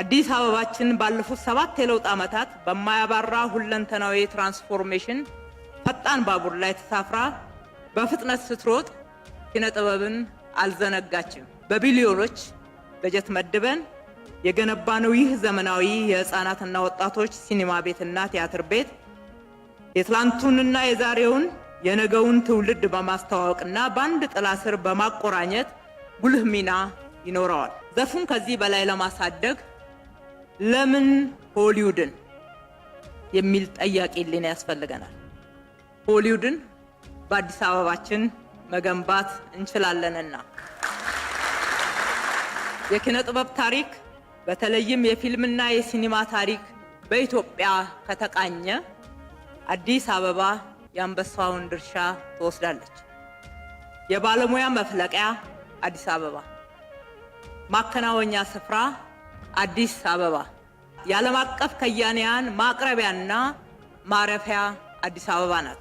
አዲስ አበባችን ባለፉት ሰባት የለውጥ ዓመታት በማያባራ ሁለንተናዊ ትራንስፎርሜሽን ፈጣን ባቡር ላይ ተሳፍራ በፍጥነት ስትሮጥ ኪነ ጥበብን አልዘነጋችም። በቢሊዮኖች በጀት መድበን የገነባነው ይህ ዘመናዊ የህፃናትና ወጣቶች ሲኒማ ቤትና ቲያትር ቤት የትላንቱንና የዛሬውን የነገውን ትውልድ በማስተዋወቅና በአንድ ጥላ ስር በማቆራኘት ጉልህ ሚና ይኖረዋል። ዘርፉን ከዚህ በላይ ለማሳደግ ለምን ሆሊውድን የሚል ጥያቄ ልን ያስፈልገናል። ሆሊውድን በአዲስ አበባችን መገንባት እንችላለንና የኪነ ጥበብ ታሪክ በተለይም የፊልምና የሲኒማ ታሪክ በኢትዮጵያ ከተቃኘ አዲስ አበባ የአንበሳውን ድርሻ ትወስዳለች። የባለሙያ መፍለቂያ አዲስ አበባ ማከናወኛ ስፍራ አዲስ አበባ የዓለም አቀፍ ከያንያን ማቅረቢያና ማረፊያ አዲስ አበባ ናት።